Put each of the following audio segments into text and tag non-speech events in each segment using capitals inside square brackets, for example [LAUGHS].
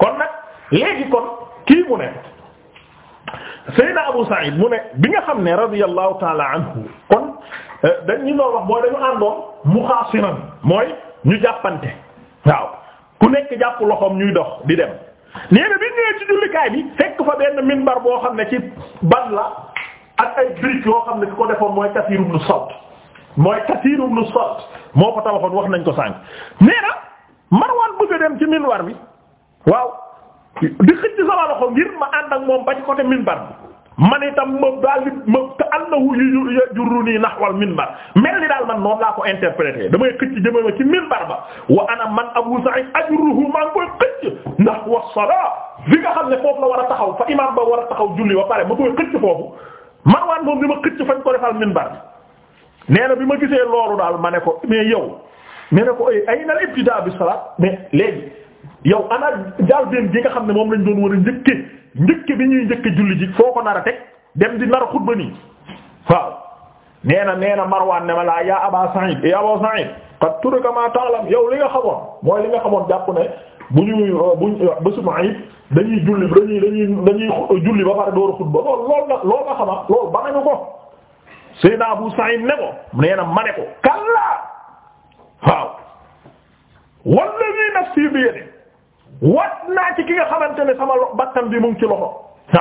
kon nag léegi kon kii mu ne Seydina Abu Sa'id mu ne bi nga xam ne radiyallahu ta'ala anhu kon euh, dañ ñu doon wax mooy dañu àndoon muxaasiran mooy ñu jàppante waaw ku nekk jàpp loxoom ñuy dox di dem. nee na bi ñëwee ci jullikaay bi fekk fa benn minbar boo xam ne ci ban la ak ay briques yoo xam ne ki ko defoon mooy Kathir ibn Sawt mooy Kathir moo ko tabaxoon wax nañ ko sànq nee na Marwan bëgg a dem ci minbar bi. waaw di xëcc sama loxo ngir ma ànd ak moom ba ci côté minbar bi man itam ma daal di ma te annahu yajurruni nahwal minbar mel ni daal man noonu laa ko damay xëcc jëmee ci minbar ba wa man Abu Sa'id ajurruhu xam ne foofu la a taxaw fa imam a taxaw julli ba pare ma koy xëcc foofu ma xëcc fañ ko defal minbar bi nee na bi ma gisee loolu daal ma ne ko mais yow mais ne ko ay na al ibtidaa bi léegi yow ana jaal benn gi nga xam ne moom lañ doon war a njëkke njëkke bi ñuy njëkke julli ji foo ko nar a teg dem di nar a xutba nii waaw nee na nee na Marwaan ne ma laa yaa Aba Sa'id yaa Aba Sa'id qad turaka ma ta'lam yow li nga xamoon mooy li nga xamoon jàpp ne bu ñuy bu ñu dañuy julli dañuy ba pare door xutba loolu loolu nga loolu ba nañu ko Seydina Abu Sa'id ne ko nee na ma ne ko kallaa waaw wallahi nafsi bi yadihi wat naa ci ki nga xamante ne sama bakkan bi mu ngi ci loxo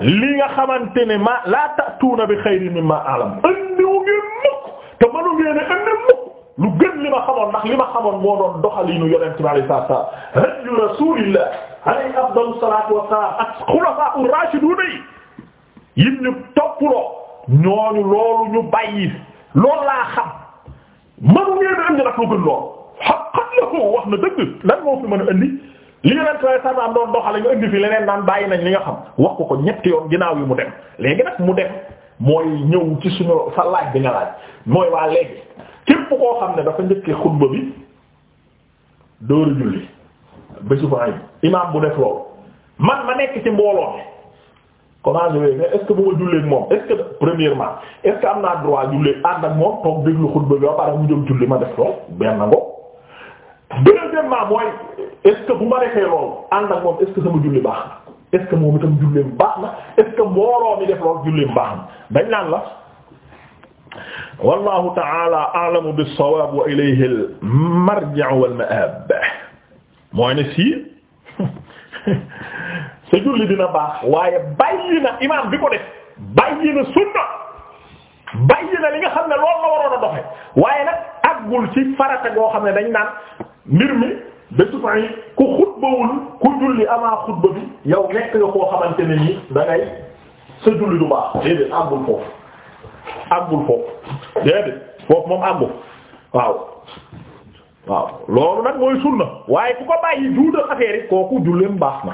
li nga xamante ne ma laa tatuuna bi xayri mimma alam andiwu ngeen mukk te mënu ngeen a andi mukk lu gën li ma xamoon ndax li ma xamoon moo doon doxaliinu yonent bi alayhi salaatu wa salaam hadiyu rasulillah alayhi afdalu salaatu wa salaam ak xulafaa'u raashiduuna yi yim ñu toppuloo ñooñu loolu ñu bàyyi loolu laa xam mënu ngeen a andi nag lu gën loolu haqqan lahu wax na dëgg lan moo fi mën a indi li nga naan sa am doon nga bàyyi nañ li nga xam wax ko ko ñetti yoon ginnaaw yi mu dem léegi nag mu dem mooy ñëw ci suñu sa laaj mooy waa léegi képp koo xam ne dafa njëkkee xutba bi a julli bésu fa ay imaam bu def loolu man ma nekk ci mbooloo mi comment je vais mais bu ma julleeg moom est premièrement est am naa droit julleeg ànd ak moom toog déglu xutba bi ba pare mu jëm julli ma def loolu benn ngo deuxièmement mooy est-ce que bu ma defee loolu ànd ak moom est-ce que sama julli baax na est-ce que moom itam julleem baax na est-ce que mbooloo mi def loolu julleem baax na dañ la wallahu ta'ala a'lamu bis-sawab wa ilayhi al-marji'u wal ma'ab mooy ne sii [LAUGHS] sa julli dina baax waaye bàyyi na imaam bi ko def bàyyi na sunna bàyyi na li nga xam ne loolu la waroon a doxe waaye nag aggul ci farata goo xam ne dañ naan mbir mi de toute façon ku xutbawul ku julli avant xutba bi yow nekk nga koo xamante ne nii da julli du baax déedéet àggul foofu àggul foofu déedéet foofu moom àggul waaw loolu nag mooy sunna waaye ku ko bàyyi juudal affaire yi kooku julleem baax na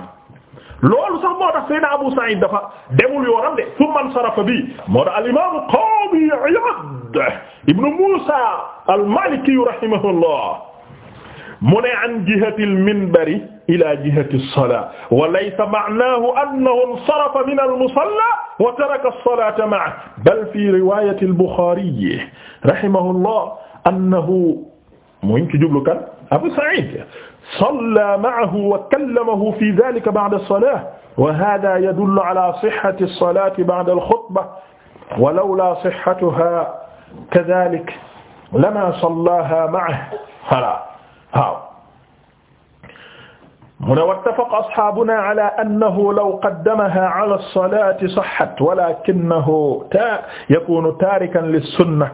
loolu sax moo tax Seydina Abu Sa'id dafa demul yoonam de summa ansarafa bi moo tax al-imam Qadi ibn Musa al-Maliki rahimahullah mu ne an jihati al-minbari ila jihati as-salaa wa laysa ma'naahu annahu insarafa min al-musallaa wa taraka as-salaata ma'ahu bal fi riwaayati al-Buxaari rahimahullah annahu mu ngi ci jublu kan Abu Sa'iid sallaa ma'ahu wa kallamahu fi dhaalika ba'da as-salaah wa haadhaa yadullu alaa sihhati as-salaati ba'da al-xutba wa lawlaa sihhatuhaa kadhaalik lamaa sallaahaa ma'ahu waaw mu ne wattafaqa ashaabuna ala annahu law qaddamaha ala as-salaati sahhat walakinahu yakunu tarikan lis-sunna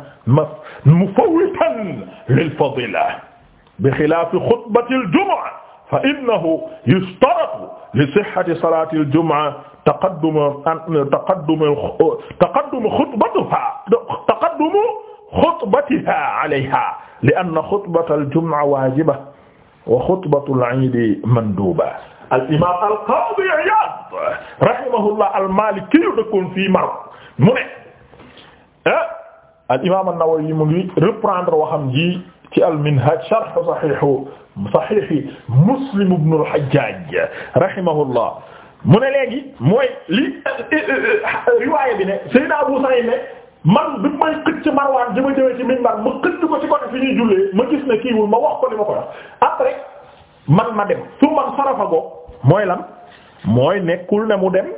mufawwitan lil-fadila bixilaafi xutbatil jumu'a fa innahu yustaratu li sihhati salaatil jumu'a taqaddumu taqaddumu taqaddumu xutbatiha taqaddumu xutbatiha alayha li anna xutbatal jumu'a waajiba wa xutbatul iidi manduuba al imaam al qaadi Iyaad rahimahullah al Maaliki dëkkoon fii Maroc mu ne ah al imaam an-Nawawi mu ngi reprendre waxam ji ci al Minhaaj sharh sahiihu sahiihi Muslim ibn al Hajjaaj rahimahullah mu ne léegi mooy li eh, eh, eh, riwaaya bi ne Sayyid Abu Sa'id ne man bi may xëcc Marwaan jëma jëmee ci minbar ma xëcc ko ci côté fi ñuy jullee ma gis ne kiiwul ma wax ko li ma ko wax après man ma dem su man sarafa boog mooy lan mooy nekkul ne mu dem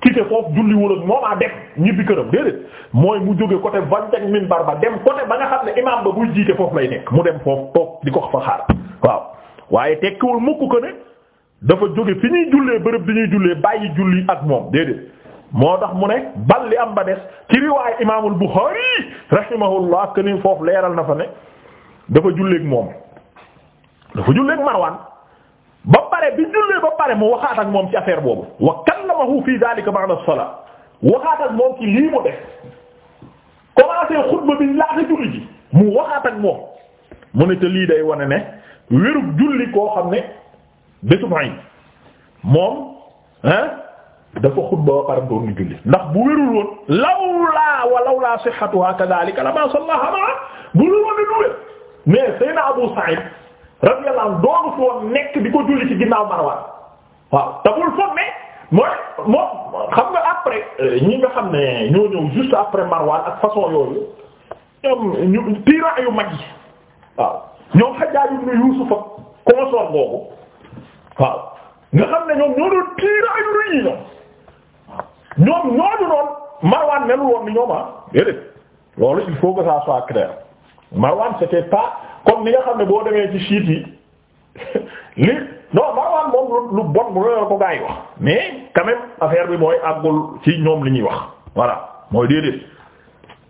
quitté foofu julliwul ak moom a dem ñibbi këram déedéet mu jóge côté vanteg minbar ba dem côté ba nga xam ne imaam ba buy jiite foofu lay nekk mu dem foofu toog di ko fa xaar waaw waaye tekkiwul mukk ko ne dafa jóge fi ñuy jullee bërëb di ñuy jullee bàyyi julli ak moom déedéet moo tax mu ne bal li am ba des ci riwaay imaamul Buxaari rahimahullah këni foofu leeral na fa ne dafa julleek moom dafa julleek Marwan ba pare bi jullee ba pare mu waxaat ak moom ci affaire boobu wa kallamahu fi dhalika ba'da as-salat waxaat ak moom ci lii mu def commencé xutba bi laata julli ji mu waxaat ak moom mu ne te lii day wane ne wérug julli koo xam ne bésu moom hein dafa xutba ba pare doon julli ndax bu wérul woon lawlaa wa lawlaa sihhatuha kadhalika lama sallaha ma bu lu woon du wér mais Seydina Abu Sa'id radiyallahu anhu doonu fi woon nekk di ko julli ci ginnaaw Marwan waaw te bul mooy moom xam nga après euh, ñi nga xam ne ñoo ñëw juste après Marwan ak façon yooyu ñoom ñu tyran mag yi waaw ñoom Hajjaj ibn Yusuf ak consort boobu waaw nga xam ne ñoom ñoo doon tyran yu ñoom ñoom ñooñu noonu Marwan melul woon ni ñoom ah déedéet loolu il faut que ça soit clair Marwan c'était pas comme ni nga xam ne boo demee ci siit yi [LAUGHS] li non Marwan moom lu bon mu loolu ko gaa yi wax mais quand même affaire bi mooy àggul ci ñoom li ñuy wax voilà mooy déedéet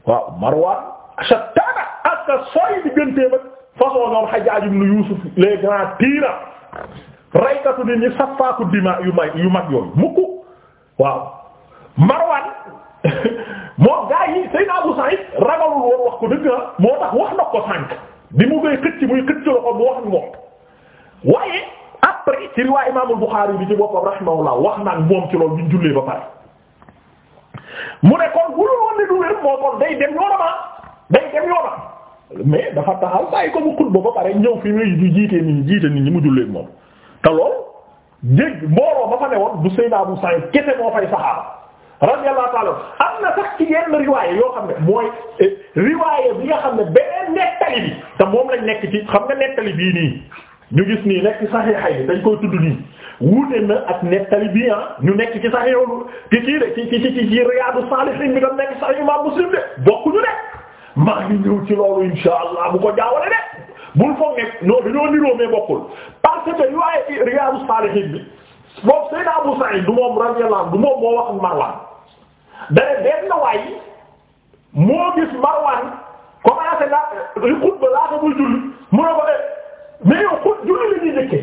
waaw Marwan shattaana ak sooy digganteem ak façon ñoom Hajjaaj ibn Yuusuf les grands tyrans raykatu nit ñi safaaku dima yu may yu mag yooyu mukk waaw Marwan moom gaa yi Seydina Abu Sa'id ragalul woon wax ko dëgg ah moo tax wax na ko sànq bi mu koy xëcc muy xëcc la ko mu wax moom waaye après ci riwaay Imaamul Buxaari bi ci boppam rahimahullah wax na moom ci loolu jullee ba pare. mu ne kon bu dul ne du wér moo kon day dem yoonama ah, day dem yoonam mais dafa taxaw bàyyi ko mu xutba ba pare ñëw fi muy di jiite nit ñi mu jullee moom te loolu dégg mbooloo ba fa ne woon bu Seydina Abu Sa'id kese radiyallahu ta'ala am na sax ci yenn riwaay yoo xam ne mooy eh, riwaay bi nga xam ne beneen nettali bi te moom lañ nekk ci xam nga nettali bii nii ñu gis nii nekk ci saxiixa yi dañ koy tudd nii wuute na ak nettali bii ah ñu nekk ci saxiixu ki kii de ci ci ci ci Riyaadu Saalihiin bi doon nekk Muslim de bokkuñu de maa ngi ñëw ci loolu inshaa Allah bu ko jaawale de bul foog ne non dañoo niroo mais bokkul parce que riwaay Riyaadu Saalihiin bi boobu Sayyid Abu du moom moo wax Marwan dane benn waay moo gis Marwan commencé la euh, xutba laata muy julli mu ne ko eh, mais yow xut julli la ñuy njëkke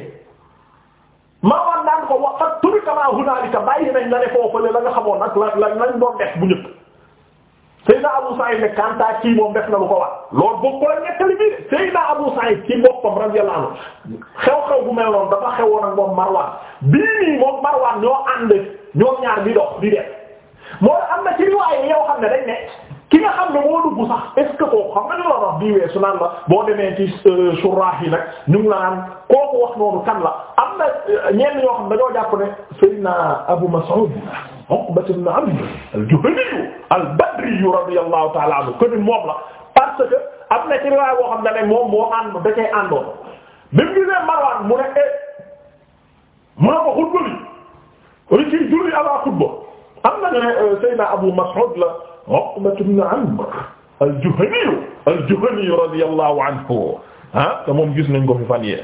Marwan daan ko waqat turi kama hunaalika bàyyi nañ la ne foofale la nga xamoon nag la la lañ doon def bu njëkk Seydina Abu Sa'id ne kanta kii moom def na lu ko wax loolu bokku la nettali bii de Seydina Abu Sa'id ci boppam radiyallahu anhu xew-xew bu mel noonu dafa xewoon ak moom Marwan bii nii moom Marwan ñoo ànd ñoom ñaar bi dox di moo am na ci riwaay yow xam ne ki nga xam ne moo dugg sax est ce que kooku xam nga ni naan la boo demee ci euh, surah yi nag ñu ngi la naan noonu kan la am na euh, ñenn ñoo xam dañoo jàpp ne Seydina Abu Mas'ud Uqba ibn Amr al-Juhani al am na ci riwaay boo xam ne moom moo ànd da cay àndoon bi mu gisee Marwan mu ne eh mu ne ko xutba li ci julli ala xutba am na ne euh, Seydina Abu Mas'ud la Uqbatu ibn Amr al-Juhani al-Juhani radiyallahu anhu ah te moom gis nañ ko fi fan yee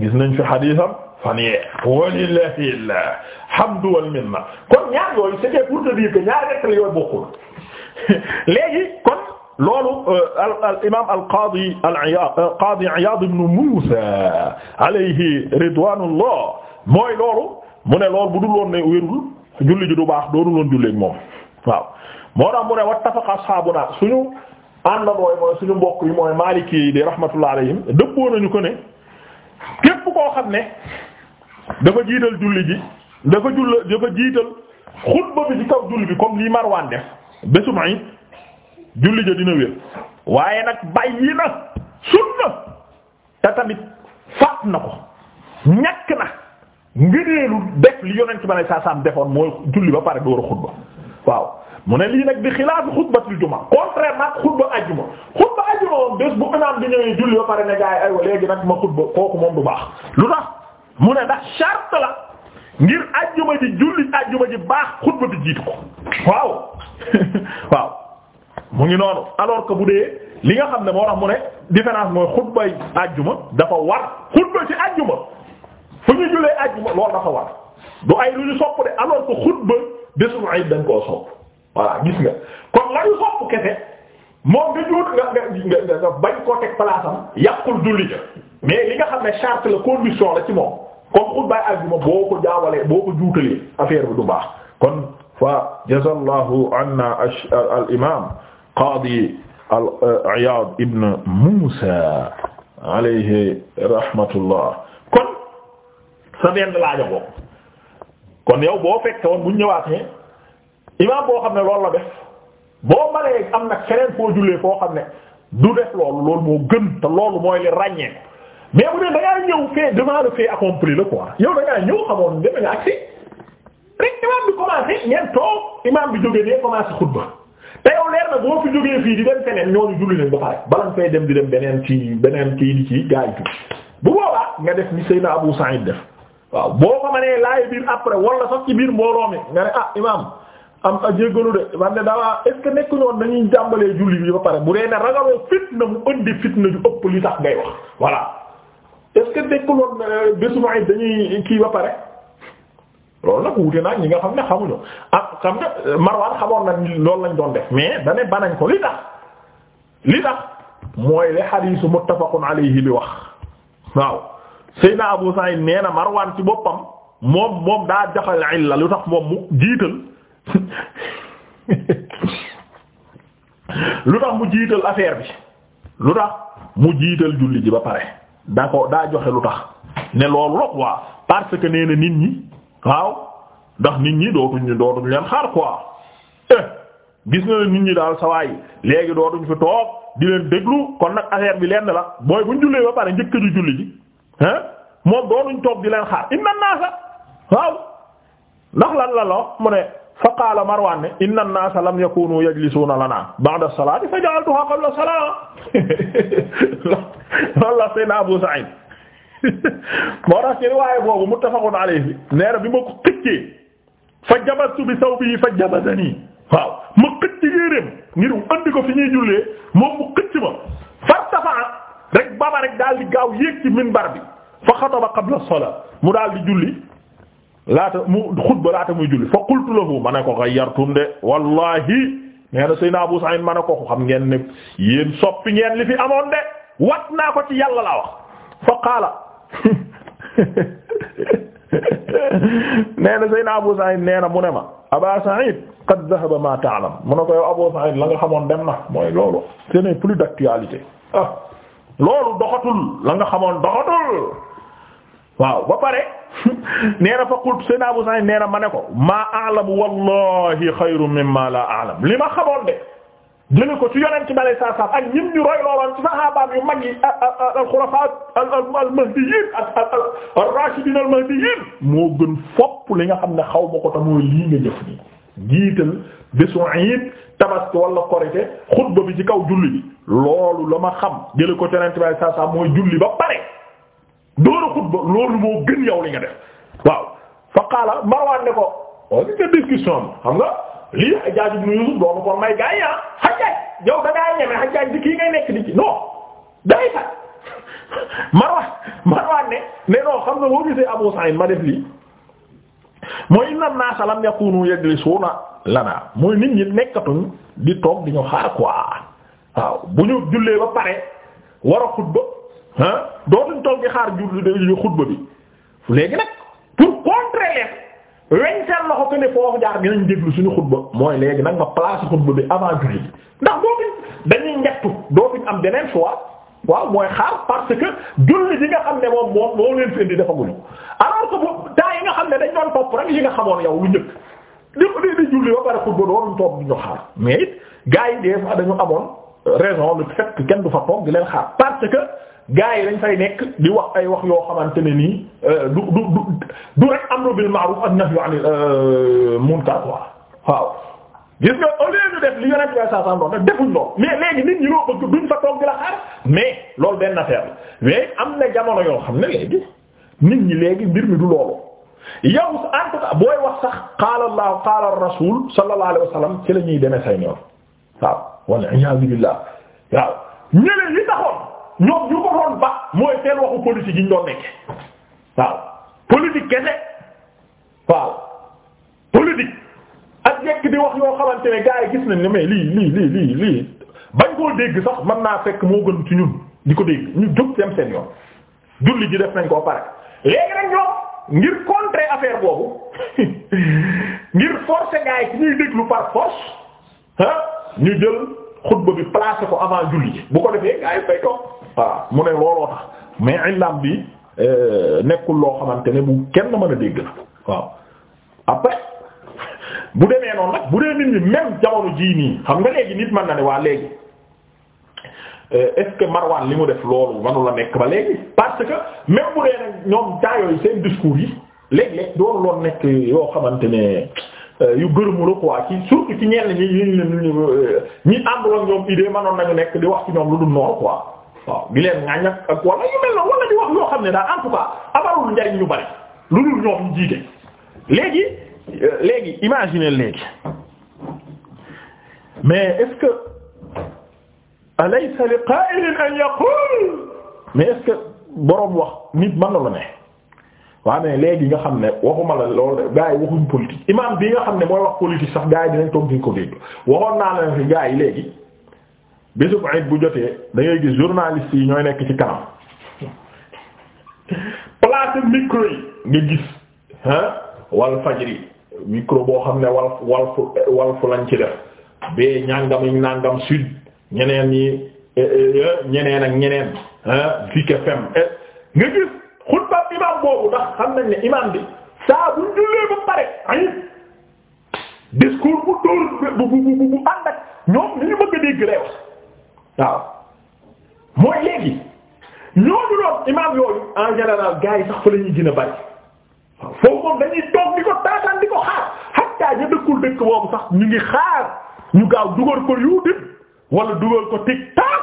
gis nañ fi xadiisam fan yee walillahi alhamdu wal minna kon ñaar yooyu c'était pour te dire que ñaar rekk la yooyu bokkul [LAUGHS] léegi kon loolu euh, al imaam al qaadi al Iyaad euh, qaadi Iyaad ibn Muusaa alayhi ridwaanullah mooy loolu mu ne loolu bu dul woon ne wérul julli ji du baax doonul woon julleek moom waaw moo tax mu ne wattafaqa ashaabuna suñu àndandooy mooy suñu mbokk yi mooy maliki yi di rahmatullah alayhim nañu ko ne képp koo xam ne dafa jiital julli ji dafa julla dafa jiital xutba bi ci kaw julli bi comme lii Marwan def bésum it julli ja dina wér waaye nag bàyyi na sunna te tamit faat na ko ñàkk na ngëneelu def li yonent ba ne saa saam defoon mooy julli ba pare door a xutba waaw mu ne lii nag di xilaafu xutbatul juma contrairement ak xutba ajjuma xutba ajjuma moom bés bu imaam di ñëwee julli ba pare ne gaa yi aywa léegi nag ma xutba kooku moom bu baax lu tax mu ne ndax charte la ngir ajjuma ji julli ajjuma ji baax xutba bi jiitu ko waaw [LAUGHS] waaw mu ngi noonu alors que bu dee li nga xam ne moo tax mu ne différence mooy xutbay ajjuma dafa war xutba fu ñu julee àjjuma loolu dafa war ay lu ñu sopp de alors que xutba bésul ayib dañ koo sopp voilà gis kon la ñu sopp kese moom nga juut nga nga nga bañ koo teg palaasam yàqul julli xam ne charte la condition la ci moom comme xutbaay àjjuma boo ko jaawalee boo ko juutalee affaire bi du baax kon anna al imam qaadi al Iyaad ibn Muusaa alayhi rahmatullah sa benn laaja bokk kon yow boo fekke woon bu ñëwaat ñëwaatee imaam boo xam ne loolu la def boo maree am nag feneen foo jullee foo xam ne du def loolu loolu moo gën te loolu mooy li ràññee mais bu dee da ngaa ñëw fait devant le fait la ko quoi yow da ngaa ñëw xamoon deme nga agsi rek imaam bi commencé ñeent toog imaam bi jógee ne commencé xutba te yow leer na boo fi jógee fii di dem feneen ñooñu julli leen ba pare bala nga fay dem di dem beneen ci beneen kii di ci gaa yi bu boobaa nga def ni Seydina def. waaw boo ko mënee laaj biir war wala sax ci biir mbooloo mi nga ne ah imaam am a jéggalu de man de dawaa est ce que dañuy jàmbalee julli bi ba pare bu dee ne ragaloo fitna mu ëndi fitna ju ëpp li tax ngay wax voilà est ce que nekkul woon euh, dañuy kii ba pare loolu nag wute naa ñi nga xam ne xamuñu ak xam nga euh, Marwan xamoon na loolu lañ doon def mais da ne banañ ko li tax li tax mooy le xadiisu muttafaqun alayhi bi wax waaw. Seydina Abu Sa'id nee na Marwan ci boppam moom moom daa jaxal illa lu tax moom mu jiital [LAUGHS] lu tax mu jiital affaire bi lu tax mu jiital julli ji ba pare daa ko daa joxe lu tax ne loolu la quoi parce que nee nit ñi waaw ndax nit ñi dootuñu dootuñu leen xaar quoi eh gis na nit ñi daal sawaay léegi dootuñ fi toog di leen déglu kon nag affaire bi lenn la booy buñ jullee ba pare njëkk julli ji ah moom doonuñ toog di leen xaar inna naasa waaw ndax lan la loo mu ne fa qaala Marwaan ne inna naasa lam yakunu yajlisuuna lana ba'da salaati fa ja'altuha qabla salaat loolu la seen Abu Sa'id moo tax ci riwaaya boobu muttafaqun alayhi nee na bi ma ko xëccee fa jabastu bi sawbihi fa jabadani waaw ma xëcc yéeréem ngir andi ko fi ñuy jullee moom mu xëcc ma fartafa rek baba rek daal di gaaw yéeg ci minbar bi fa xataba qabla salaa mu daal di julli laata mu xutba laata muy julli fa qultu lahu ma ne ko ghayyartum de wallahi nee na Abu Sa'id ma ne ko xam ngeen ne yéen soppi ngeen li fi amoon de wat naa ko ci yàlla laa wax fa qaala [LAUGHS] nee na Seydina Abu Sa'id nee na mu ne ma Aba Sa'id qad dhahaba ma ta'lam mu ne ko yow Abu Sa'id la nga xamoon dem na mooy loolu ce plus d'actualité ah. loolu doxatul la nga xamoon doxatul waaw ba pare [LAUGHS] nee na fa qultu sayna Abu Sa'id nee na ma ne ko maa a'lamu wallahi xayrun mimma la a'lam li ma xamoon de jële ko ci yonent bi alayhi salaam ak ñim ñu roy looloon ci saxaabaam yu mag yi al xulafaa al mahdiyiin al raashidiin al mahdiyiin moo gën li nga xam ne xawma ma ko te mooy lii nga jëf nii jiital bésu iid tabaski wala korite xutba bi ci kaw julli bi loolu la ma xam jële ko tenent bay saa saa mooy julli ba pare dóor a xutba loolu moo gën yow li nga def waaw fa qaala ne ko waaw oh, li nga discussion xam nga lii Hajjaaj ibn Yuusuf doomu ko may gaa yi ah Hajjaaj yow da ñeme Hajjaaj di kii ngay nekk di ci non day sax [LAUGHS] Marwaan Marwaan ne mais xam nga boo gisee Abu Sa'id ma def lii mooy inna naasa lam yakunu yajlisuuna lana mooy nit ñi nekkatuñ di toog di ñu xaar quoi waaw bu ñu jullee ba pare war a xutba ah dootuñ toog di xaar julli xutba bi léegi nag pour contrer leen weñ seen loxo que ne foofu jaar dinañ déglu suñu xutba mooy léegi nag nga place xutba bi avant julli bi ndax boobu dañuy ñettu dootuñ am beneen choix. waaw mooy xaar parce que julli yi nga xam ne moom moom moo leen fi indi dafa guñu alors que nga xam ne dañ doon topp rek yi nga xamoon yow lu njëkk li li di julli ba pare du mais gars yi des fois amoon raison lu fekk kenn du xaar parce que gars yi dañ fay nekk di wax ay wax yoo xamante ne nii euh, du du du am rek amru bil ma'ruf ak nahyu anil euh, munkar quoi gis nga au lieu def li yonent bi saa saa doon nag defuñ lool mais léegi nit ñi loo bëgg duñ fa toog di la xaar mais lool benn affaire la mais am na jamono yoo xam ne léegi nit ñi léegi mbir mi du loolu yow en tout cas booy wax sax qaala Allah qaala rasul sallallahu ci la ñuy demee say ñoom waaw walla iyaazu billaah waaw ñeneen li taxoon ñoom ñu ko ba mooy seen waxu politique yi ñu doon nekke waaw politique kese waaw politique. nekk di wax yoo xamante ne gars yi gis nañ ne mais lii lii lii lii lii bañ koo dégg sax mën naa fekk moo gën ci ñun di ko dégg ñu jóg dem seen yoon julli ji def nañ koo pare léegi nag ñoom ngir contrer affaire boobu [LAUGHS] ngir forcer gars yi ci ñuy déglu par force ah ñu jël xutba bi placé ko avant julli ji bu ko defee gars yi fay toog voilà mu ne looloo tax mais ilam bi euh, nekkul loo xamante ne bu kenn mën a dégg la waaw bu demee noonu nag bu dee nit ñi jii nii xam nga léegi nit na ne waa léegi euh, est-ce que Marwan li mu def loolu manu la nekk ba léegi parce que même bu dee nag ñoom daa yooyu seen discours yi léeg-léeg doonu loon nekk yoo xamante ne euh, yu gërëmu la quoi ci surtout ci ñenn ñi ñu ñu euh, ñi àndul ak ñoom idée manoon nañu nekk di wax ci ñoom lu dul noonu quoi waaw di leen ŋaññi ak wala yu mel noonu wala di wax yoo xam ne daal en tout cas amalul njariñ ñu bari ñoom jiite léegi. léegi imagine léegi mais est-ce que li qa'ilin an yaqul mais est-ce que boroom wax nit mën na lu ne waa mais léegi nga xam ne waxuma la loolu de gars yi waxuñ politique imam bi nga xam ne mooy wax politique sax gars yi dinañ toog di ko dégg waxoon naa la fi gars yi léegi bésub iid bu jotee da ngay gis journalistes yi ñooy nekk ci kanam place micro nga gis ah Walfadjri micro boo xam ne walf walf walf lañ ci def bee ñàngam yi nàngam sud ñeneen ñi e, e, e, ñeneen ak ñeneen nga gis xutba imam boobu ndax xam nañ ne imam bi saa bu jullee ba pare ay discours bu bu bu bu bu ñoom li ñu a dégg reew waaw mooy léegi ñooñu doon imam yooyu en général yi sax fa la ñuy gën foofu moom dañuy toog di ko taataan di ko xaar hatta ñu dëkkul dëkk boobu sax ñu ngi xaar ñu gaaw dugal ko YouTube wala dugal ko TikTok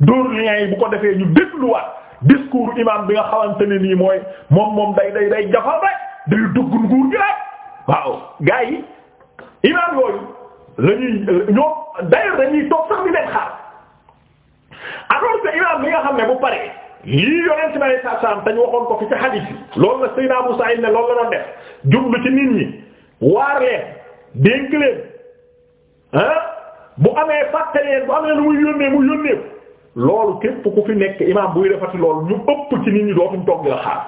dóor lien yi bu ko defee ñu dégluwaat discours imam bi nga xamante ne nii mooy moom moom day day day jafal rek day dugg nguur gi rek waaw gars yi imam yooyu lañuy ñuy ñoom d'ailleurs dañuy toog sax di leen xaar alors que imam bi nga xam ne bu pare lii yonent bi alayhi salaam te ñu waxoon ko fi ci hadith yi la Seydina Abu Sa'id ne la doon def jublu ci nit ñi waar leen dénk leen ah, bu amee fàtte leen bu amee lu muy yónnee mu yónnee loolu képp ku fi nekk imaam buy defati loolu ñu ëpp ci nit ñi dootuñ toog di xaar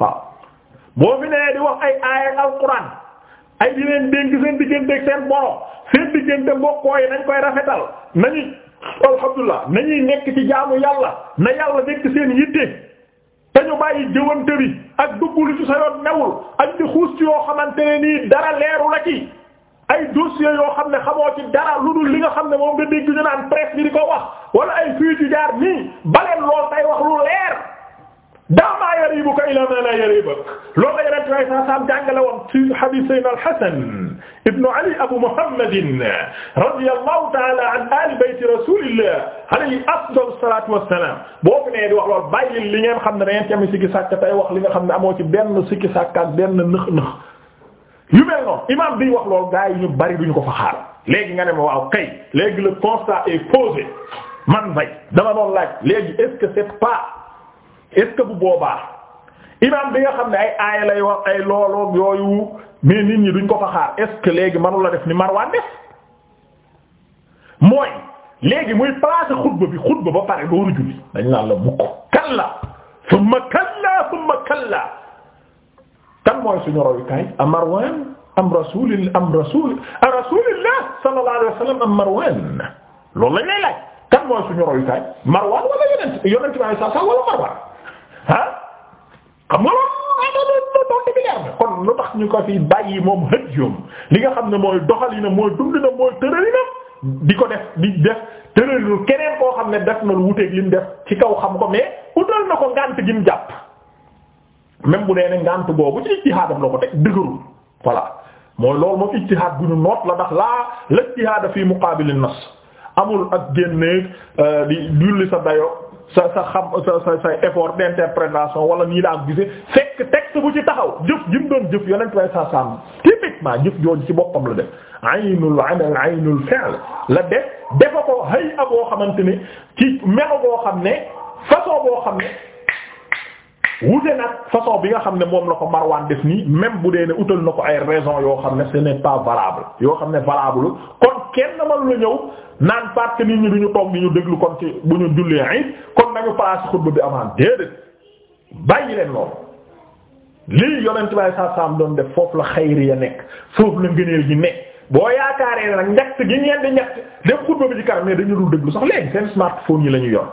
waaw boo fi nee di wax ay aaya alquran ay di leen dénk seen digganteeg seen boro seen diggante mbokkoo yi dañ koy rafetal nañu. alhamdulilah nañuy nekk ci jaamu yàlla na yàlla nekk seen yitte. te ñu bàyyi jëwante bi ak dugg lu ci sa yoon newul ak di xuus ci yoo xamante ne nii dara leeru la ci ay dossiers yoo xam ne xamoo ci dara lu dul li nga xam ne moom nga dégg ñu naan presse bi di ko wax wala ay fuites yu jaar nii baleen lool tay wax lu leer. daa a yariibuka ilaa maa laa yariibuk loolu la yonent bi saa saam jàngale woon ci hadiis Seydina Al-Hasan ibnu Ali Abu Muhammad radiyallahu ta'ala an aali bayti rasuulillah alayhi afdalu salaatu wa salaam boo fi nee di wax loolu bàyyi li ngeen xam ne da ngeen ci am sikki sàkka wax li nga xam ne amoo ci benn sikki sàkka benn nëx-nëx yu mel noonu imaam biy wax loolu gaa yi ñu bari duñu ko fa xaar léegi nga ne ma waaw kay léegi le constat est posé man bay dama doon laaj est-ce bu boobaa imaam bi nga xam ne ay ay lay wax ay looloo yooyu mais nit duñ ko fa xaar est-ce que léegi manu def ni Marwan def mooy léegi muy placer xutba bi xutba ba pare dooru julli dañ naan la mukk kalla summa kalla summa kalla kan mooy suñu royukaay a Marwan am rasulil am rasul a rasulillah sallallahu am Marwan loolu lañ lay kan mooy suñu royukaay Marwan wala yonent yonent bi sallallahu alayhi wasallam wala Marwan ah xam nga loolu tontu ah, bi kon lu tax ñu ko fi bàyyi moom li nga xam ne mooy doxali na mooy na mooy tërali di ko def di def tëralinu koo xam ne def na lu wuteeg li ci kaw xam ko mais utal na ko ngànt jàpp même bu nee ne ngànt boobu ci ko teg dëgërul voilà mooy loolu moom la ndax laa la ijtihaada fii muqaabilin nas amul ak génneeg euh, di julli sa dayo sa sa xam sa sa sa effort d'interprétation wala nii laa gisee fekk texte bu ci taxaw jëf jim doon jëf yonent way sa sàmm typiquement jëf jooju ci boppam la def aynul amal aynul fi'l la def defa ko hay a boo xamante ni ci melo boo xam ne façon boo xam ne wute nag façon bi nga xam ne moom la ko Marwan def nii même bu dee ne utal na ko ay raison yoo xam ne ce n'est pas valable yoo xam ne valable kon kenn mënu la ñëw naan parce que nit ñi du ñu toog di ñu déglu kon ci bu ñu jullee it kon nañu place xutba bi avant déedéet bàyyi leen loolu. lii yonent baay saa saam doon def foofu la xayri ya nekk foofu la ngëneel gi nekk boo yaakaaree nag ñett gi ñeent di ñett xutba bi ci kanam mais dañu dul déglu sax léegi seen yi la ñu yor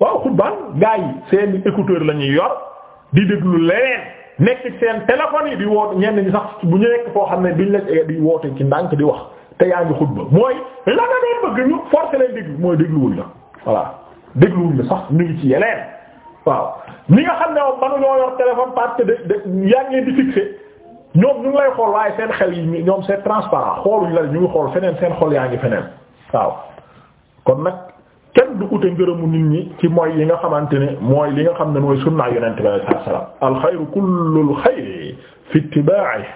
waaw xutbaan gaa yi seen écouteur la ñuy yor. di déglu leneen nekk seen téléphone yi di woote ñenn ñi sax bu ñu nekk foo xam ne duñ la eh, di woote ci ndànk di wax te yaa ngi xutba mooy la nga doon bëgg ñu forcer leen déglu mooy dégluwuñ la voilà dégluwuñ la sax ñu ngi ci yeneen waaw ñi nga xam ne moom mënuñoo yor téléphone parce que de de yaa ngi leen di fixé ñoom ñu ngi lay xool waaye seen xel yi ñoom c'est transparent xooluñ la ñu ngi xool feneen seen xol yaa ngi feneen waaw kon nag. kenn du ute ngërëmu nit ñi ci mooy yi nga xamante ne mooy li nga xam ne mooy sunnaa yonent bi sallallahu alayhi wasallam alxayru kullul xayri fi ittibaa'ihi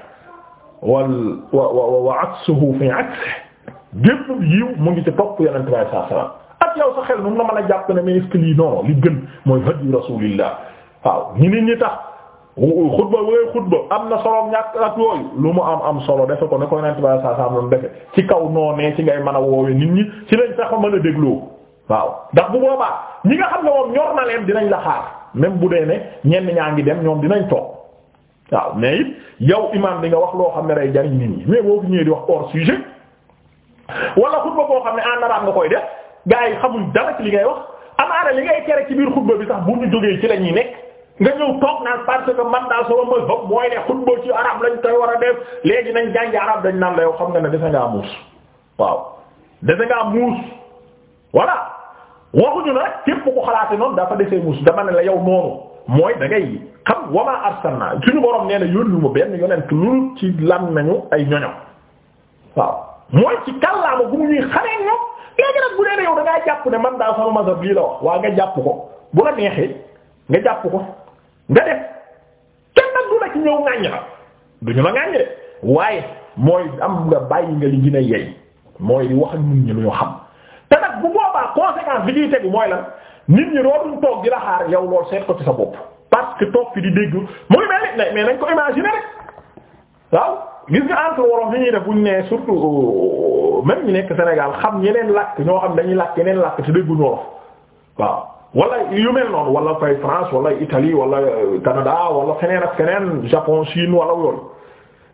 mu ngi ci topp yonent bi sallallahu alayhi wasallam ak yow sa xel nu mu la mën a jàpp ne mais est lii non li gën mooy hadiyu rasulillah waaw ñi nit ñi tax xutba wooy xutba am na solo ñàkk ak yooyu lu mu am am solo defe ko ne ko yonent bi sallallahu alayhi wasallam defe ci kaw noonee ci ngay mën a woowe nit ñi ci lañ sax mën a dégloo waaw ndax bu boobaa ñi nga xam ne moom ñor na dinañ la xaar même bu dee ne ñenn ñaa ngi dem ñoom dinañ toog waaw mais it yow imaam di nga wax loo xam ne day jariñ nit ñi mais boo fi ñëwee di wax hors sujet wala xutba koo xam ne en nga koy def gars yi xamuñ dara ci li ngay wax amaana li ngay kere ci biir xutba bi sax bu ñu jógee ci la ñuy nekk nga ñëw toog naan parce que man daal sama mos bopp mooy ne xutba ci arabe lañ koy war a def léegi nañ jàngi arabe dañ naan la yow xam nga ne defe ngaa muus waaw waxuñu na képp ku xalaate noonu dafa desee mus dama ne la yow noonu mooy da ngay xam wama arsalna suñu borom nee na yónni ma benn yonent lu ci lam nañu ay ñoñom waaw mooy ci kàllaama bu mu ñuy xaree ñoom léegi nag bu dee yow da jàpp ne man daal sama mazhab lii la wax waa nga jàpp ko bu la neexee nga jàpp ko nga def kenn nag du la ci ñëw ŋàññ la duñu la ŋàññ waaye mooy am nga bàyyi nga li gën a yey mooy di wax ak nit ñi lu xam te bu boobaa conséquence bi ñuy tegu mooy lan nit ñi dootuñ toog di la xaar yow lool seet ko ci sa bopp parce que toog fi di dégg muy mel mais nañ ko imaginer rek waaw gis nga entre wolof li ñuy def bu ñu nee surtout euh, même nekk Sénégal xam yeneen làkk ñoo xam dañuy làkk yeneen làkk te dégguñu wolof waaw wala yu mel noonu wala fay France wala Italie wala euh, Canada wala feneen ak feneen Japon Chine wala yoon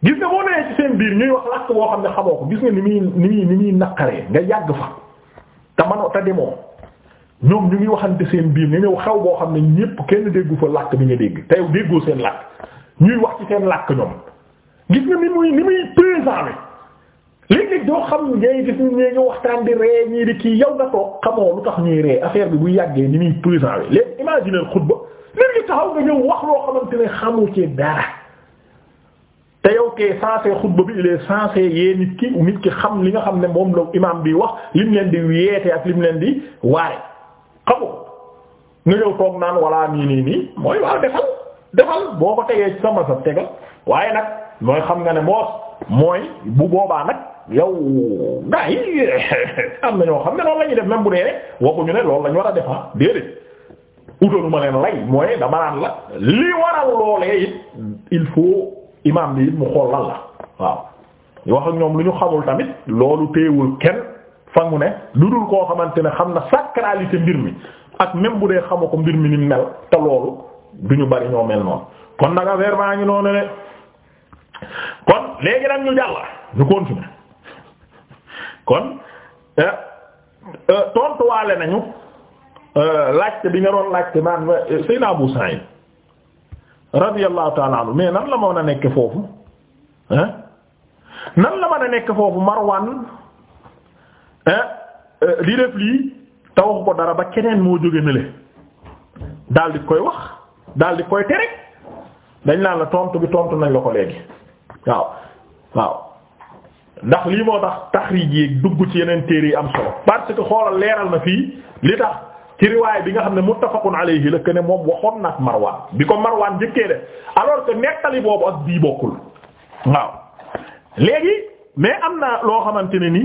gis nga boo ci seen biir ñuy wax làkk boo xam ne xamoo ko gis ni muy ni muy ni muy naqaree nga yàgg fa. te manoo te demoo ñoom ñu ngi waxante seen biir nga ñëw xew boo xam ne ñépp kenn déggu fa làkk bi nga dégg te yow déggoo seen làkk ñuy wax ci seen làkk ñoom gis nga ni muy ni muy présent bi léeg doo xam ngay gis ñu ngi waxtaan di ree ñii kii yow nga toog xamoo lu tax ñuy ree affaire bi bu yàggee ni muy présent bi léegi imaginer xutba léegi taxaw nga ñëw wax loo xamante ne xamu ci dara te yow kee censé xutba bi il yee nit ki nit ki xam li nga xam ne moom la imaam bi wax lim leen di yeete ak lim leen di waare xamu nga ñëw toog naan walla nii nii nii mooy waaw defal boo ko tegee ci sama waaye nag mooy xam nga ne moos mooy bu boobaa nag yow gaa [LAUGHS] am na ñoo xam ne loolu la ñuy def même bu dee rek waxuñu ne lool lañ ñu war a defar ah déedéet utalu ma leen lay mooy dama naan la li waral loolee il faut. imaam bi mu xool lan la waaw wax ak ñoom lu ñu xamul tamit loolu téewul kenn fa mu ne lu dul koo xamante ne xam na sacralité mbir mi ak même bu dee xamu ko mbir mi ni mel te loolu du ñu bari ñoo mel noonu kon nag affaire baa ngi noonu ne kon léegi nag ñu jàll ñu continuer kon eh, eh, tontuwaale nañu eh, laajte bi nga doon laajte naan Seydina Abu Sa'id radiyallahu ta'ala anhu mais nan la ma a nekk foofu nan la man a nekk foofu Marwan euh, di def lii te ko dara ba keneen moo jóge ne le di koy wax daal di koy tere dañ naan la tontu bi tontu nañ la ko léegi waaw waaw ndax lii moo tax taxriij yi dugg ci yeneen téere yi am solo parce que xoolal leeral na fii li tax. ci riwaay bi nga xam ne muttafaqun alayhi la ne moom waxoon na ak Marwan bi ko Marwan njëkkee de alors que nettali boobu ak bii bokkul waaw léegi mais am na loo xamante ne ni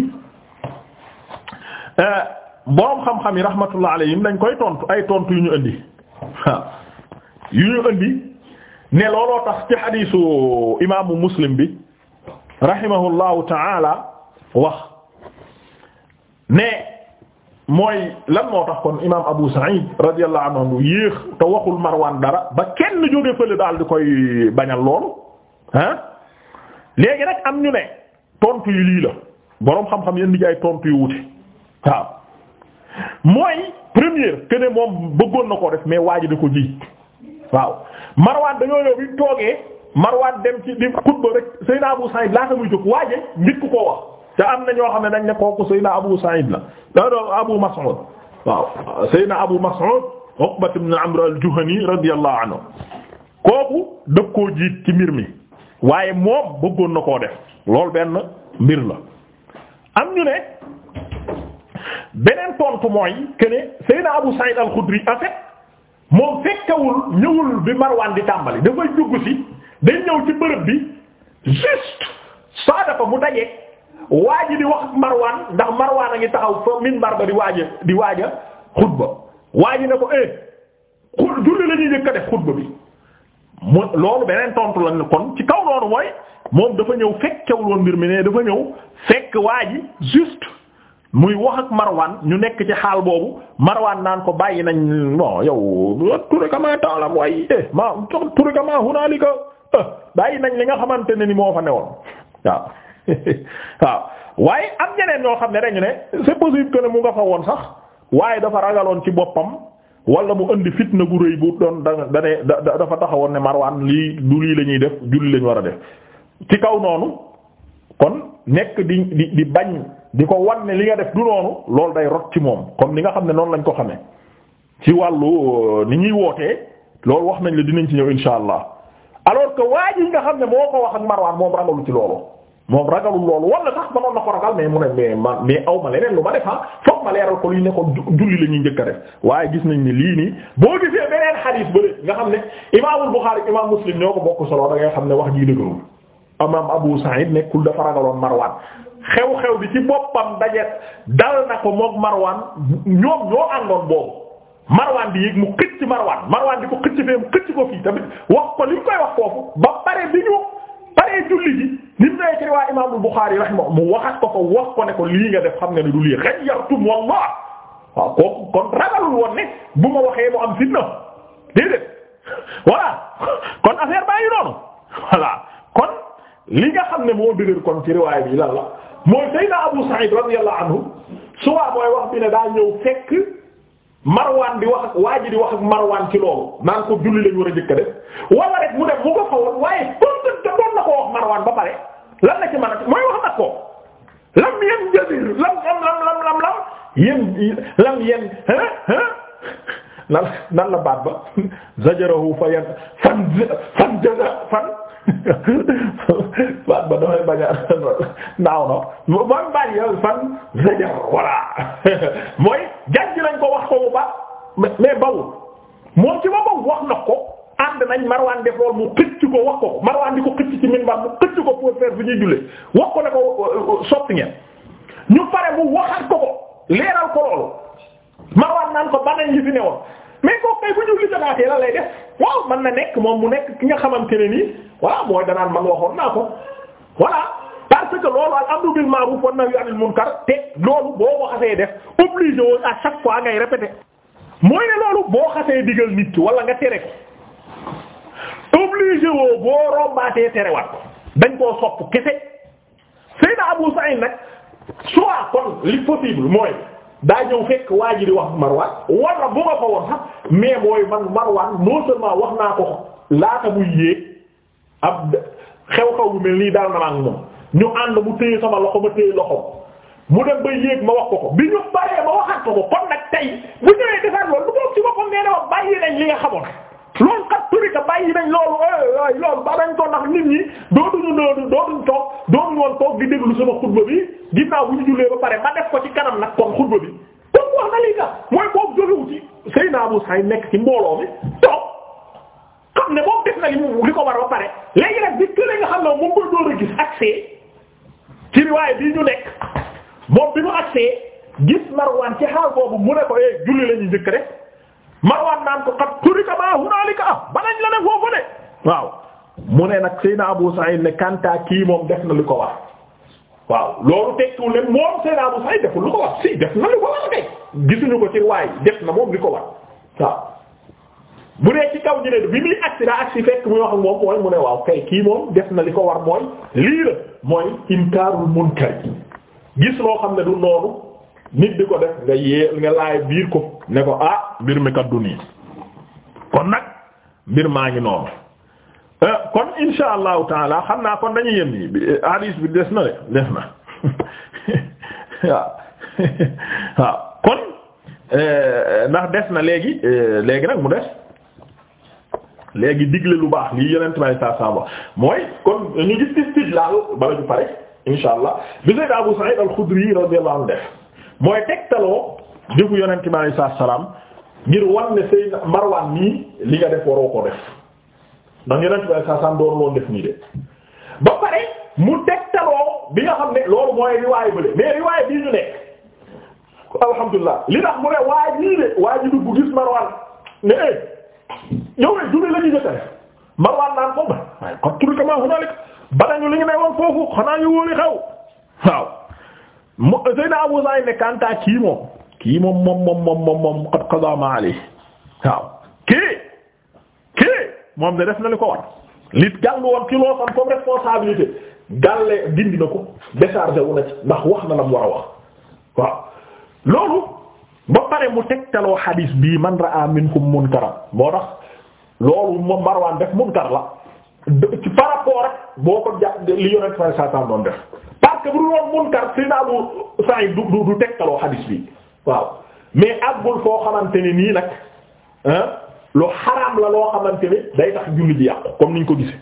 euh, boroom xam-xam yi rahmatullah alayhim dañ koy tontu ay tontu yu ñu indi yu ñu indi ne looloo tax ci xadiisu imaamu muslim bi rahimahullahu taala wax ne. mooy lan moo tax kon imaam Abu Sa'id radiyallahu anhu yéex te waxul Marwan dara ba kenn jóge fële daal di koy bañal loolu ah léegi nag am ñu ne tontu yu lii la boroom xam-xam yéen di jaay tontu yu wute waaw mooy première que ne moom bëggoon na ko def mais waaj di ko ji waaw Marwan dañoo ñëw bi toogee Marwan dem ci di xutba rek Seydina Abu Sa'id laata muy jóg waaje ku koo wax. te am na ñoo xam ne dañ ne kooku Seydina Abu Sa'id la da doon Abu Mas'ud waaw Seydina Abu Mas'ud Uqbat ibn Amr al-Juhani anhu kooku dëg jiit ci mbir mi waaye moom bëggoon na koo def loolu benn mbir la am ñu ne beneen tontu mooy que ne Abu Sa'id al-Khudri moom fekkewul ñëwul bi Marwan di tàmbali dafay dugg si day ñëw ci bërëb bi juste saa dafa mu waa ji di wax ak marwaan ndax marwaan a ngi taxaw fa minbar ba di waaja di waaja xutba waa ji ne ko eh xul julli la ñuy njëkk def xutba bi mu loolu beneen tontu la kon ci kaw noonu mooy moom dafa ñëw fekkewul woon mbir mi ne dafa ñëw fekk waa ji juste muy wax ak marwaan ñu nekk ci xaal boobu marwaan naan ko bàyyi nañ bon yow turekamaa taalam waaye eh ma turekamaa hunaalika eh, bàyyi nañ li nga xamante ne ni moo fa newoon waa [LAUGHS] waaw waaye am ñeneen ñoo xam ne ñu ne c'est possible que ne mu nga fa woon sax waaye dafa ragaloon ci boppam wala mu indi fitna gu rëy bu doon da da dafa taxawoon ne Marwan lii du lii lañuy def julli lañu war a def ci kaw noonu kon nekk di di bañ di ko wan ne li nga def du noonu loolu day rot ci moom comme li nga xam ne noonu lañ ko xamee ci wàllu euh, ni ñuy wootee loolu wax nañ la dinañ ci ñëw insha allah alors que waa ji nga xam ne moo ko wax ak Marwan moom ragalu ci loolu. moom ragalul loolu wala sax mënoon na ko ragal mais mu ne mais ma mais aw ma leneen lu ma def ah foog ma leeral ko lii ne ko julli la ñuy njëkk a def waaye gis nañ ni lii nii boo gisee beneen xadiis bële nga xam ne imaamul Buxaari imaam Muslim ñoo ko bokk solo da ngay xam ne wax jii dëgërul imaam Abu Sa'id nekkul dafa ragaloon Marwaan xew-xew bi ci boppam daje dal na ko moog Marwaan ñoom ñoo àndoon boobu Marwaan di yéeg mu xëcc Marwaan Marwaan di ko xëcc fee mu xëcc ko fii tamit wax ko li ñu koy wax foofu ba pare bi ñu paree julli ji lim nee ci riwaa imaamul Buxaari rahimahu mu waxat ko ne ko lii nga def xam nga ne du lii xayyartum wallah waaw kooku kon ragalul woon ne bu ma waxee mu am fitna déedéet noonu voilà kon li xam ne moo dëgër kon ci riwaay bi lan la mooy Seydina Abu Sa'id radiyallahu anhu suwaa mooy wax bi ne daa ñëw fekk marwaan di wax ak waa ji di wax marwaan ci loolu naan ko julli lañu war a njëkk def wala rek mu ne mu ko fawoon waaye comme que doon na ko wax marwaan ba pare lan la ci mën a mooy wax na ko lam yem jëlir lam lam lam lam yem yem hein hein nan nan la baat ba [LAUGHS] zajarahu fa yan fan fan jaza fan [LAUGHS] damay bañ a [LAUGHS] naaw na mooy bàyyi yow fan zajar voilà [LAUGHS] mooy jàjj nañ ko wax ko ba mais bawul moom ci boppam wax na ko ànd nañ Marwan def loolu mu xëcc ko wax ko Marwan di ko xëcc ci minbar mu xëcc ko pour faire fi ñuy jullee wax ko ne ko euh, euh, sotti ngeen ñu pare mu waxaat ko ko leeral ko loolu Marwan naan ko ba nañ li fi ne woon mais kooku kay bu ñu li jamaatee la lay waaw man na nekk moom mu nekk ki nga xamante ne nii waaw mooy danaan man waxoon naa ko voilà parce que loolu al amru bil ma'ruf wan nahyu anil munkar te loolu boo ko xasee def obligé woon à chaque fois ngay répéter mooy ne loolu boo xasee digal nit ki wala nga tere ko obligé woo boo rombaatee terewaat ko dañ koo sopp kese Seydina Abu Sa'id nag soit kon li possible mooy daa ñëw fekk waa ji di wax Marwan wala bu ma fa woon mais mooy man Marwan non wax naa ko laata muy yéeg ab. xew-xew bu mel nii daal na ma ak moom ñu ànd mu téye sama loxo ma téye loxo mu dem ba yéeg ma wax ko ko bi ñu baree ma waxaat ko ko kon nag tey bu ñëwee defar loolu bu boobu ci boppam nee na wax bàyyi nañ li dañ eh, eh, ko ndax nit ñi dootuñu noodu dootuñ toog dootuñ woon toog di déglu sama xutba bi ginnaaw bu ñu jullee ba pare ma def ko ci kanam nag kon xutba bi kon wax na lii kat mooy boobu jógewu ci Seydina Abu Sa'id nekk ci mbooloo mi toog comme ne moom def na li ko war ba pare léegi nag bi kële nga xam ne moom mooy door a gis accès ci riwaay bii ñu nekk moom bi mu accès gis Marwan ci xaal boobu mu ne ko eh julli la njëkk rek Marwan naan ko kat turi ka maa hunaalika ah ba nañ la ne foofu de waaw mu ne nag Seyna Abu Sa'id ne Kanta kii moom def na li ko war waaw loolu tekkiwul ne moom Seyna Abu Sa'id deful li ko war si def na ko ko li ko war waaw. bu dee ci kaw di bi muy agsi daa agsi fekk muy wax moom mooy mu ne waaw kay kii moom def na li ko war mooy lii la mooy inkaarul munkar gis loo xam ne du noonu nit di ko def nga yee nga laay biir ko ne ko ah mbir mi kat du nii nag mbir maa ngi noonu euh, kon insha allahu taala xam naa kon dañuy yem bi euh, hadis bi des na de des na [LAUGHS] waaw [LAUGHS] waaw kon euh, ndax des na léegi léegi nag mu des léegi digle lu baax lii yeneen may saa saa mooy kon ñu gis istidlaal bala ñu pare insha allah bi Sayyid Abu Sa'id al-Khudri radiyallahu anhu def mooy tegtaloo jëfu yonent bi alayhi salaatu salaam ngir wan ne Sayyid Marwan nii li nga def waroo def ndax yonent bi alayhi salaatu doon loon def nii de ba pare mu tegtaloo bi nga xam ne loolu mooy riwaay bële mais riwaay bii ñu nekk alhamdulilah li tax mu ne waay nii de waay ji dugg gis Marwan ne eh, yow de julli la jot a def Marwan naan ko waaye kon turu ko maa xunalik ba nañu ñu ne woon foofu xanaa ñu wóoli xaw waaw mu Seydina Abu ne Kanta kii moom kii moom moom moom moom moom moom qad qadaa ma alayhi waaw kii kii moom de def na li ko war li gàll woon ci loo xam comme responsabilité gàlle na ko déchargé wu na ci ndax wax na la mu war wax waaw loolu ba pare mu tegtaloo xadiis bii man ra'a minkum munkaran moo tax. loolu moom Marwan def munkar la ci par rapport rek boo ko jàpp li yonent fay satan doon def parce que bu dul woon munkar si naa bu saa yi du du du tegtaloo xadiis bi waaw mais àggul foo xamante ne nii nag lu xaraam la loo xamante ne day tax julli ji yàqu comme niñ ko gise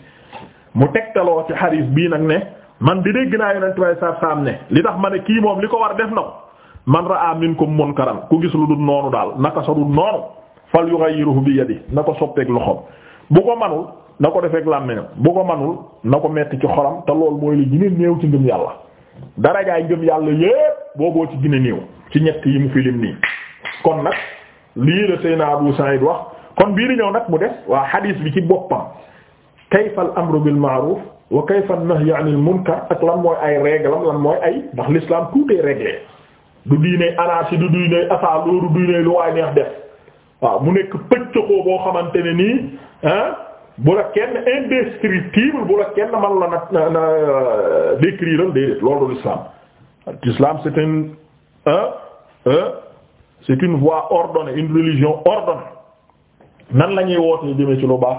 mu tegtaloo ci xadiis bii nag ne man di dégg naa yonent fay satan ne li tax ma ne kii moom li ko war def na ko man ra'a minkum munkaran ku gis lu dul noonu daal naka sa fal yughayyiruhu bi yadihi na ko soppeek loxoom bu ko manul na ko defeek làmmiñam bu ko manul na ko metti ci xolam te loolu mooy li gën néew ci ngëm yàlla darajaay ngëm yàlla yépp booboo ci gën néew ci ñett yi mu fi lim nii kon nag lii la Seydina Abu Sa'id wax kon bii di ñëw nag mu def waa xadiis bi ci boppam kayfa al amru bil ma'ruf wa kayfa an nahyu ak lan mooy ay réglam lan mooy ay ndax l'islam tout est du diine anarchie du diine asaalu du waaw mu nekk pëccëxoo boo xamante ne nii bu la kenn indescriptible bu la kenn man la nag na décrire déedéet loolu l'islam l'islam c'est une c'est une voie ordonnée une religion ordonnée nan la ñuy wootee jëme ci lu baax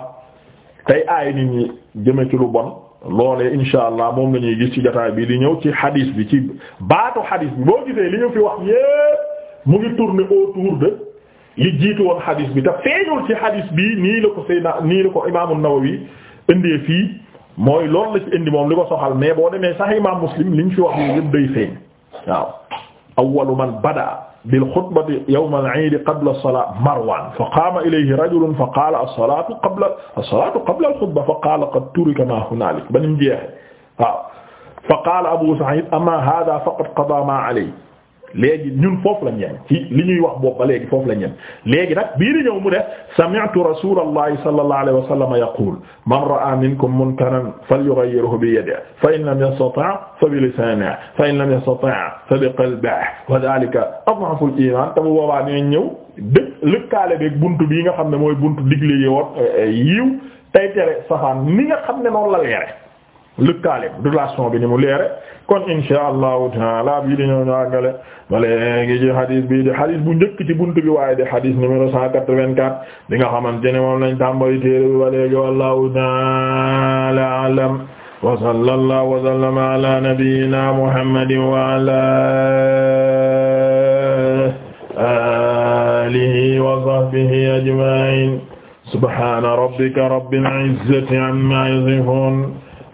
tey aay nit ñi jëme ci lu bon loolee insha allah moom la ñuy gis ci jotaay bii li ñëw ci hadith bi ci baatu hadith bi boo gisee li ñu fi wax yépp mu ngi tourner autour de li jiitu woon xadis bi te feeñul ci xadis bi nii la ko Seydina nii la ko imaamu Nawawi indee fii mooy loolu la ci indi moom li ko soxal mais boo demee sax imaam Muslim liñ fi wax nii yëpp day feeñ waaw awwalu man bada bil xutbati yawma al-iid qabla as-salaat Marwaan fa qaama ilayhi rajulun fa qaala as-salaatu qabla as-salaatu qabla al-xutba fa qaala qad turika maa hunaalik ba ni mu jeexee waaw fa qaala Abu Sa'iid ammaa haadaa faqad qadaa maa alayhi léegi ñun foofu la ñem ci li ñuy wax boobu ba léegi la ñem léegi nag bii di ñëw mu def sami'tu rasulallahi sallallahu alayhi wa sallam yaqul man ra'a minkum munkaran falyughayyirhu bi yadihi fa in lam yastati' fa bi lisanihi fa in fa bi qalbihi wa dhalika at al-iman te bu boobaa dinañ ñëw dëkk lëkkaale beeg bii nga xam ne mooy buntu digle eh, eh, yi tey tere safaan ni xam ne la leere lëkkaale relation bi ni mu leere kon insha allahu taala bii di ñëw ñu àggale ba léegi ci hadis bii di hadis bu njëkk ci buntu bi waaye di hadis numéro cent quatre-vingt-quatre bi nga xamante ne moom lañ tàmbali téere bi ba léegi wallahu taala alam wa sallallahu wa sallama ala nabiyyina muhammadin wa ala alihi wa sahbihi ajma'in subhana rabbika rabbil izzati amma yasifun